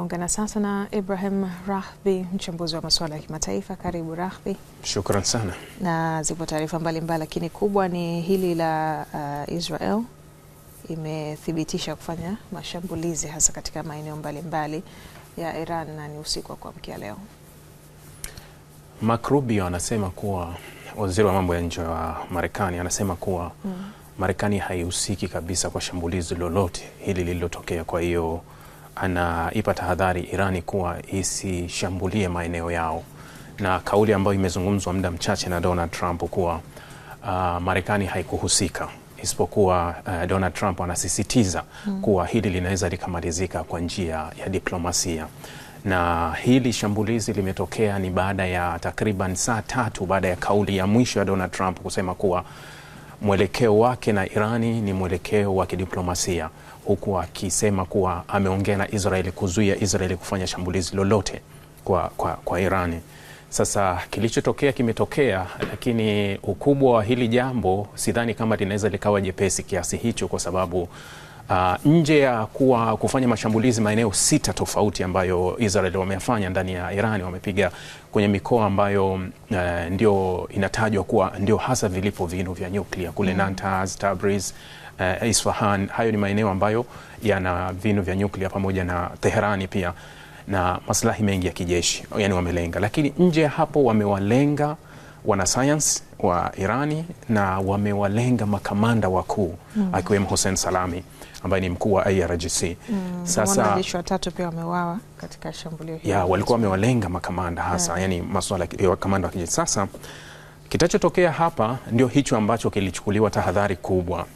Tunaungana sasa na Ibrahim Rahbi, mchambuzi wa masuala ya kimataifa. Karibu Rahbi. Shukran sana. Na zipo taarifa mbalimbali, lakini kubwa ni hili la uh, Israel imethibitisha kufanya mashambulizi hasa katika maeneo mbalimbali ya Iran na ni usiku wa kuamkia leo. Mark Rubio anasema kuwa, waziri wa mambo ya nje wa Marekani anasema kuwa mm. Marekani haihusiki kabisa kwa shambulizi lolote hili lililotokea, kwa hiyo anaipa tahadhari Irani kuwa isishambulie maeneo yao, na kauli ambayo imezungumzwa muda mchache na Donald Trump kuwa uh, Marekani haikuhusika isipokuwa uh, Donald Trump anasisitiza hmm. kuwa hili linaweza likamalizika kwa njia ya diplomasia na hili shambulizi limetokea ni baada ya takriban saa tatu baada ya kauli ya mwisho ya Donald Trump kusema kuwa mwelekeo wake na Irani ni mwelekeo wa kidiplomasia, huku akisema kuwa ameongea na Israeli kuzuia Israeli kufanya shambulizi lolote kwa, kwa, kwa Irani. Sasa kilichotokea kimetokea, lakini ukubwa wa hili jambo sidhani kama linaweza likawa jepesi kiasi hicho, kwa sababu Uh, nje ya kuwa kufanya mashambulizi maeneo sita tofauti ambayo Israel wameyafanya ndani ya Iran, wamepiga kwenye mikoa ambayo uh, ndio inatajwa kuwa ndio hasa vilipo vinu vya nyuklia kule mm. Natanz, Tabriz, uh, Isfahan. Hayo ni maeneo ambayo yana vinu vya nyuklia pamoja na Teherani pia na maslahi mengi ya kijeshi, yani wamelenga, lakini nje ya hapo wamewalenga wanasayansi wa Irani na wamewalenga makamanda wakuu mm. akiwemo Hussein Salami ambaye ni mkuu wa IRGC. Mm, sasa wanajeshi watatu pia wameuawa katika shambulio hili. Yeah, walikuwa wamewalenga makamanda hasa, yeah. Yani masuala ya kamanda wa kijeshi. Sasa kitachotokea hapa ndio hicho ambacho kilichukuliwa tahadhari kubwa.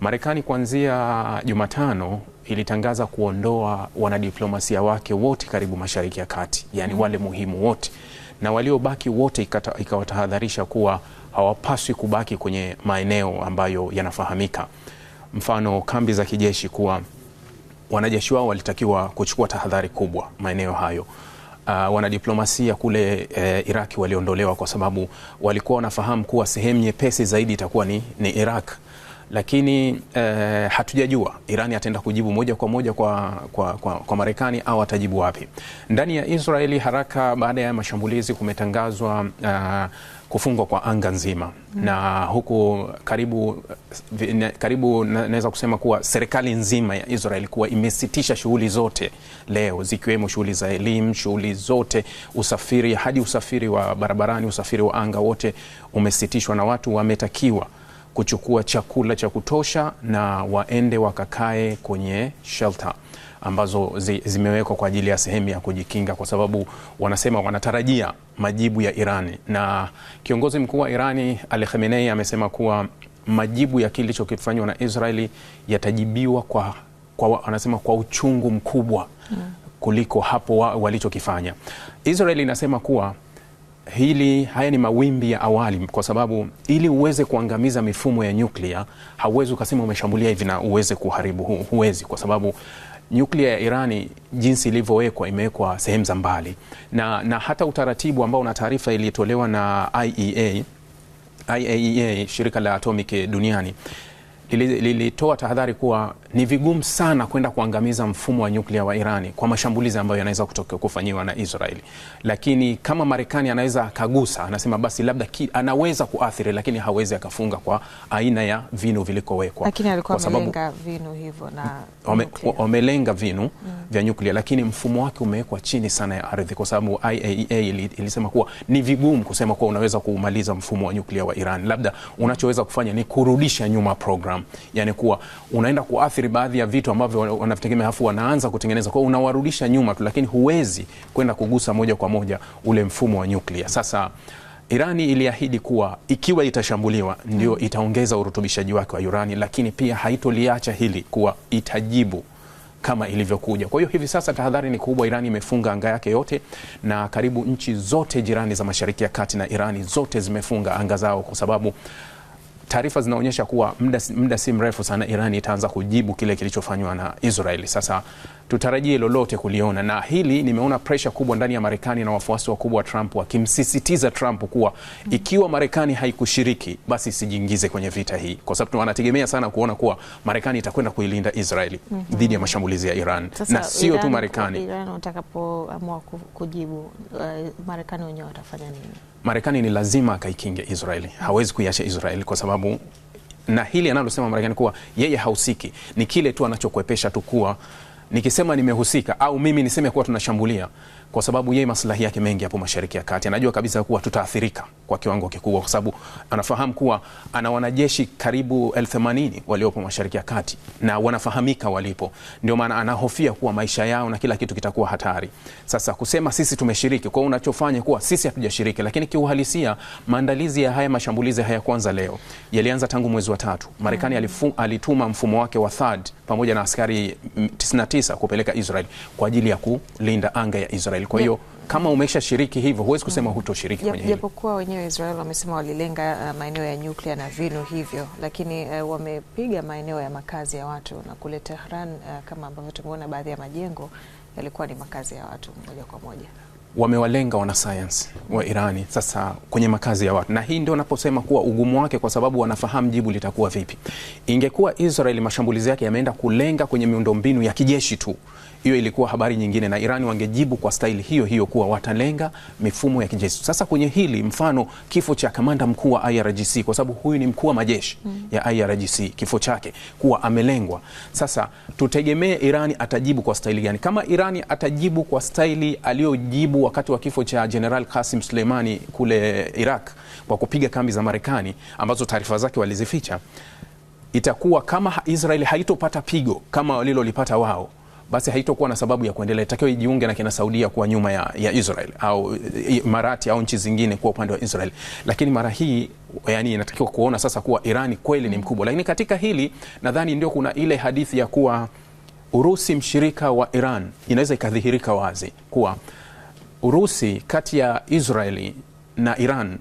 Marekani kuanzia Jumatano ilitangaza kuondoa wanadiplomasia wake wote karibu Mashariki ya Kati, yani mm. wale muhimu wote, na waliobaki wote ikawatahadharisha kuwa hawapaswi kubaki kwenye maeneo ambayo yanafahamika mfano kambi za kijeshi kuwa wanajeshi wao walitakiwa kuchukua tahadhari kubwa maeneo hayo. Uh, wanadiplomasia kule uh, eh, Iraki waliondolewa kwa sababu walikuwa wanafahamu kuwa sehemu nyepesi zaidi itakuwa ni, ni Iraq lakini eh, hatujajua Irani ataenda kujibu moja kwa moja kwa, kwa, kwa, kwa Marekani au atajibu wapi. Ndani ya Israeli haraka baada ya mashambulizi kumetangazwa eh, kufungwa kwa anga nzima mm. na huku karibu, eh, karibu naweza kusema kuwa serikali nzima ya Israel kuwa imesitisha shughuli zote leo zikiwemo shughuli za elimu, shughuli zote, usafiri hadi usafiri wa barabarani, usafiri wa anga wote umesitishwa na watu wametakiwa kuchukua chakula cha kutosha na waende wakakae kwenye shelter ambazo zi, zimewekwa kwa ajili ya sehemu ya kujikinga, kwa sababu wanasema wanatarajia majibu ya Irani. Na kiongozi mkuu wa Irani Ali Khamenei amesema kuwa majibu ya kilichokifanywa na Israeli yatajibiwa kwa, kwa, anasema kwa uchungu mkubwa hmm. kuliko hapo wa, walichokifanya. Israeli inasema kuwa hili haya ni mawimbi ya awali, kwa sababu ili uweze kuangamiza mifumo ya nyuklia hauwezi ukasema umeshambulia hivi na uweze kuharibu huu. huwezi, kwa sababu nyuklia ya Irani jinsi ilivyowekwa imewekwa sehemu za mbali na, na hata utaratibu ambao na taarifa iliyotolewa na IEA, IAEA shirika la atomiki duniani lilitoa tahadhari kuwa ni vigumu sana kwenda kuangamiza mfumo wa nyuklia wa Irani kwa mashambulizi ambayo yanaweza kufanyiwa na Israeli, lakini kama Marekani anaweza akagusa, anasema basi labda ki, anaweza kuathiri, lakini hawezi akafunga kwa aina ya vinu vilikowekwa, vinu hivyo na ome, wamelenga vinu mm, vya nyuklia, lakini mfumo wake umewekwa chini sana ya ardhi, kwa sababu IAEA e ilisema kuwa ni vigumu kusema kuwa unaweza kuumaliza mfumo wa nyuklia wa iran labda unachoweza kufanya ni kurudisha nyuma program yani kuwa unaenda kuathiri baadhi ya vitu ambavyo wanavitegemea, halafu wanaanza kutengeneza kwao, unawarudisha nyuma tu, lakini huwezi kwenda kugusa moja kwa moja ule mfumo wa nyuklia. Sasa Irani iliahidi kuwa ikiwa itashambuliwa ndio hmm. itaongeza urutubishaji wake wa urani, lakini pia haitoliacha hili kuwa itajibu kama ilivyokuja. Kwa hiyo hivi sasa tahadhari ni kubwa. Irani imefunga anga yake yote na karibu nchi zote jirani za Mashariki ya Kati na Irani zote zimefunga anga zao kwa sababu taarifa zinaonyesha kuwa muda, muda si mrefu sana Iran itaanza kujibu kile kilichofanywa na Israeli. Sasa tutarajie lolote kuliona, na hili nimeona presha kubwa ndani ya Marekani na wafuasi wakubwa wa Trump wakimsisitiza Trump kuwa ikiwa Marekani haikushiriki basi sijiingize kwenye vita hii, kwa sababu wanategemea sana kuona kuwa Marekani itakwenda kuilinda Israeli mm -hmm. dhidi ya mashambulizi ya Iran sasa, na sio tu Marekani. Iran kujibu, uh, Marekani wenyewe watafanya nini? Marekani ni lazima akaikinge Israeli, hawezi kuiacha Israeli kwa sababu na hili analosema Marekani kuwa yeye hahusiki ni kile tu anachokwepesha tu kuwa nikisema nimehusika au mimi niseme kuwa tunashambulia kwa sababu yeye maslahi yake mengi hapo Mashariki ya Kati, anajua kabisa kuwa tutaathirika kwa kiwango kikubwa, kwa sababu anafahamu kuwa ana wanajeshi karibu elfu themanini waliopo Mashariki ya Kati na wanafahamika walipo. Ndio maana anahofia kuwa maisha yao na kila kitu kitakuwa hatari. Sasa kusema sisi tumeshiriki, kwa unachofanya kuwa sisi hatujashiriki, lakini kiuhalisia maandalizi ya haya mashambulizi hayakuanza leo, yalianza tangu mwezi wa tatu. Marekani mm. alituma mfumo wake wa THAAD pamoja na askari 99 kupeleka Israel kwa ajili ya kulinda anga ya Israel. Israel. Kwa hiyo kama umeshashiriki hivyo huwezi kusema hutoshiriki kwenye hili. Japokuwa wenyewe Israel wamesema walilenga uh, maeneo ya nyuklia na vinu hivyo, lakini uh, wamepiga maeneo ya makazi ya watu na kule Tehran uh, kama ambavyo tumeona baadhi ya majengo yalikuwa ni makazi ya watu moja kwa moja wamewalenga wanasayansi wa Irani sasa kwenye makazi ya watu, na hii ndio naposema kuwa ugumu wake, kwa sababu wanafahamu jibu litakuwa vipi. Ingekuwa Israeli mashambulizi yake yameenda kulenga kwenye miundombinu ya kijeshi tu, hiyo ilikuwa habari nyingine, na Irani wangejibu kwa staili hiyo hiyo kuwa watalenga mifumo ya kijeshi. Sasa kwenye hili, mfano kifo cha kamanda mkuu wa IRGC, kwa sababu huyu ni mkuu wa majeshi mm. ya IRGC, kifo chake kuwa amelengwa. Sasa tutegemee Irani atajibu kwa staili gani? Kama Irani atajibu kwa staili aliyojibu wakati wa kifo cha Jeneral Kasim Suleimani kule Iraq kwa kupiga kambi za Marekani ambazo taarifa zake walizificha, itakuwa kama Israel haitopata pigo kama walilolipata wao basi haitokuwa na sababu ya kuendelea, itakiwa ijiunge na kina Saudia kuwa nyuma ya, ya Israel au Marati au nchi zingine kuwa upande wa Israel. Lakini mara hii yani, inatakiwa kuona sasa kuwa Irani kweli ni mkubwa, lakini katika hili nadhani ndio kuna ile hadithi ya kuwa Urusi mshirika wa Iran inaweza ikadhihirika wazi kuwa Urusi kati ya Israeli na Iran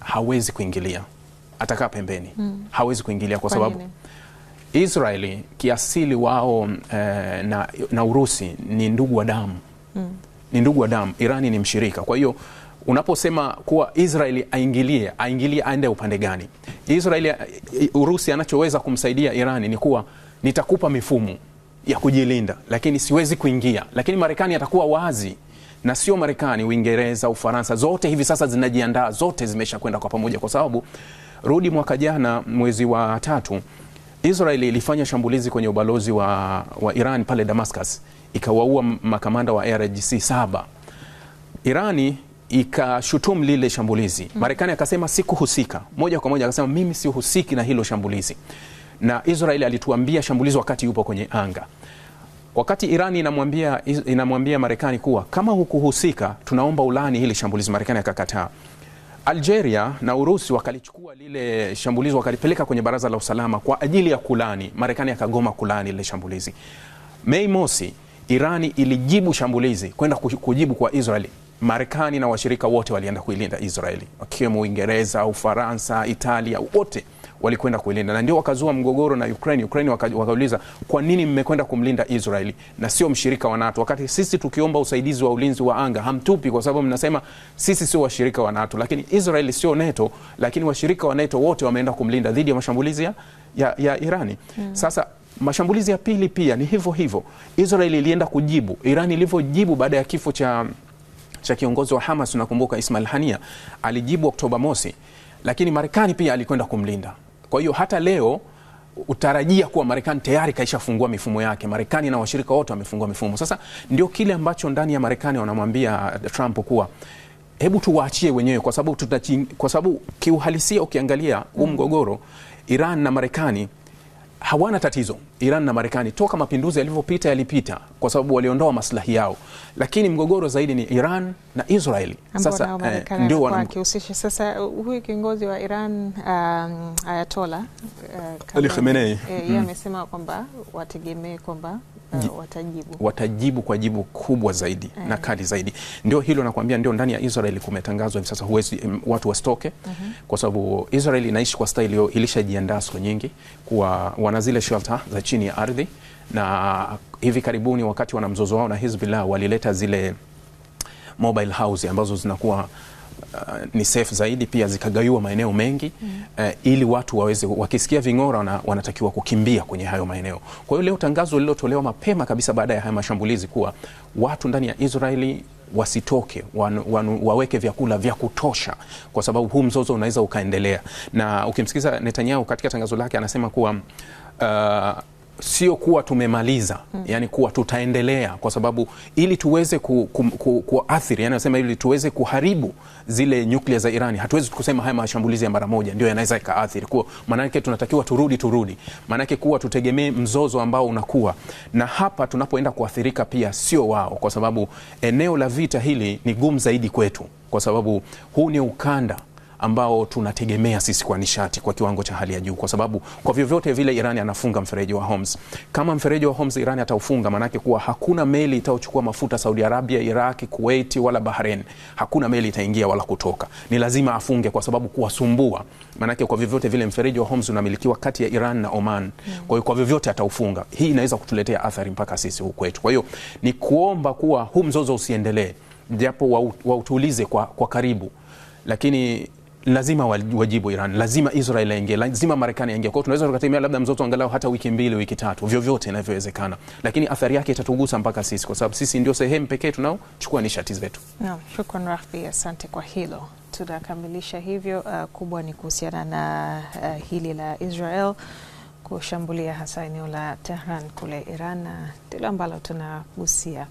hawezi kuingilia, atakaa pembeni mm. hawezi kuingilia kwa sababu Israeli kiasili wao eh, na, na Urusi ni ndugu wa damu mm. ni ndugu wa damu. Irani ni mshirika, kwa hiyo unaposema kuwa Israeli aingilie, aingilie aende upande gani? Israeli, Urusi anachoweza kumsaidia Irani ni kuwa nitakupa mifumo ya kujilinda, lakini siwezi kuingia, lakini Marekani atakuwa wazi na sio Marekani, Uingereza, Ufaransa, zote hivi sasa zinajiandaa, zote zimeshakwenda kwa pamoja, kwa sababu rudi mwaka jana mwezi wa tatu Israel ilifanya shambulizi kwenye ubalozi wa, wa Iran pale Damascus, ikawaua makamanda wa RGC saba. Irani ikashutumu lile shambulizi mm. Marekani akasema sikuhusika, moja kwa moja akasema mimi sihusiki na hilo shambulizi, na Israel alituambia shambulizi wakati yupo kwenye anga. Wakati iran inamwambia inamwambia Marekani kuwa kama hukuhusika tunaomba ulani hili shambulizi, Marekani akakataa. Algeria na Urusi wakalichukua lile shambulizi wakalipeleka kwenye Baraza la Usalama kwa ajili ya kulani, Marekani akagoma kulani lile shambulizi. Mei mosi Irani ilijibu shambulizi kwenda kujibu kwa Israeli. Marekani na washirika wote walienda kuilinda Israeli, wakiwemo Uingereza, Ufaransa, Italia, wote walikwenda kuilinda, na ndio wakazua mgogoro na Ukraine. Ukraine wakauliza kwa nini mmekwenda kumlinda Israeli na sio mshirika wa NATO, wakati sisi tukiomba usaidizi wa ulinzi wa anga hamtupi, kwa sababu mnasema sisi sio washirika wa NATO. Lakini Israeli sio NATO, lakini washirika wa NATO wote wameenda kumlinda dhidi ya mashambulizi ya, ya, ya Irani. Hmm. Sasa mashambulizi ya pili pia ni hivyo hivyo. Israeli ilienda kujibu Irani ilivyojibu baada ya kifo cha cha kiongozi wa Hamas, unakumbuka Ismail Hania alijibu Oktoba mosi, lakini Marekani pia alikwenda kumlinda. Kwa hiyo hata leo utarajia kuwa Marekani tayari kaishafungua mifumo yake. Marekani na washirika wote wamefungua mifumo. Sasa ndio kile ambacho ndani ya Marekani wanamwambia uh, Trump kuwa hebu tuwaachie wenyewe, kwa sababu kwa sababu kiuhalisia ukiangalia huu hmm. mgogoro Iran na Marekani hawana tatizo Iran na Marekani toka mapinduzi yalivyopita yalipita kwa sababu waliondoa maslahi yao, lakini mgogoro zaidi ni Iran na Israeli. Sasa eh, ndio wanahusisha sasa uh, huyu kiongozi wa Iran um, Ayatola uh, Ali Khamenei eh, yeye hmm. amesema mm. kwamba wategemee kwamba uh, watajibu watajibu kwa jibu kubwa zaidi eh, na kali zaidi. Ndio hilo nakwambia, ndio ndani ya Israeli kumetangazwa hivi sasa, huwezi mm, watu wasitoke uh mhm. -huh. kwa sababu Israeli inaishi kwa staili hiyo, ilishajiandaa siku nyingi kuwa wana zile shelter za chini ya ardhi, na hivi karibuni wakati wana mzozo wao na Hizbullah walileta zile mobile house ambazo zinakuwa Uh, ni safe zaidi pia zikagaiwa maeneo mengi mm. Uh, ili watu waweze wakisikia ving'ora na wanatakiwa kukimbia kwenye hayo maeneo. Kwa hiyo leo tangazo lililotolewa mapema kabisa baada ya haya mashambulizi kuwa watu ndani ya Israeli wasitoke wan, wan, waweke vyakula vya kutosha, kwa sababu huu mzozo unaweza ukaendelea. Na ukimsikiza Netanyahu katika tangazo lake anasema kuwa uh, sio kuwa tumemaliza mm. Yani kuwa tutaendelea, kwa sababu ili tuweze kuathiri ku, ku, yani nasema ili tuweze kuharibu zile nyuklia za Irani, hatuwezi kusema haya mashambulizi ya mara moja ndio yanaweza ikaathiri. Kwa maanake tunatakiwa turudi turudi, maanake kuwa tutegemee mzozo ambao unakuwa na hapa tunapoenda kuathirika pia sio wao, kwa sababu eneo la vita hili ni gumu zaidi kwetu, kwa sababu huu ni ukanda ambao tunategemea sisi kwa nishati kwa kiwango cha hali ya juu, kwa sababu kwa vyovyote vile Iran anafunga mfereji wa Hormuz. Kama mfereji wa Hormuz Iran ataufunga, maanake kuwa hakuna meli itaochukua mafuta Saudi Arabia, Iraq, Kuwait wala Bahrain, hakuna meli itaingia wala kutoka. Ni lazima afunge kwa sababu kuwasumbua, maanake kwa vyovyote vile mfereji wa Hormuz unamilikiwa kati ya Iran na Oman. Hmm. Kwa hiyo kwa vyovyote ataufunga, hii inaweza kutuletea athari mpaka sisi huku kwetu. Kwa hiyo ni kuomba kuwa huu mzozo usiendelee, japo wautulize kwa, kwa karibu, lakini lazima wajibu Iran, lazima Israel aingie, lazima Marekani aingie. Kwao tunaweza tukategemea labda mzozo angalau hata wiki mbili, wiki tatu, vyovyote inavyowezekana, lakini athari yake itatugusa mpaka sisi, kwa sababu sisi ndio sehemu pekee tunaochukua nishati zetu. Naam, shukran Rafi, asante kwa hilo. Tunakamilisha hivyo. Uh, kubwa ni kuhusiana na uh, hili la Israel kushambulia hasa eneo la Tehran kule Iran, na ndilo ambalo tunagusia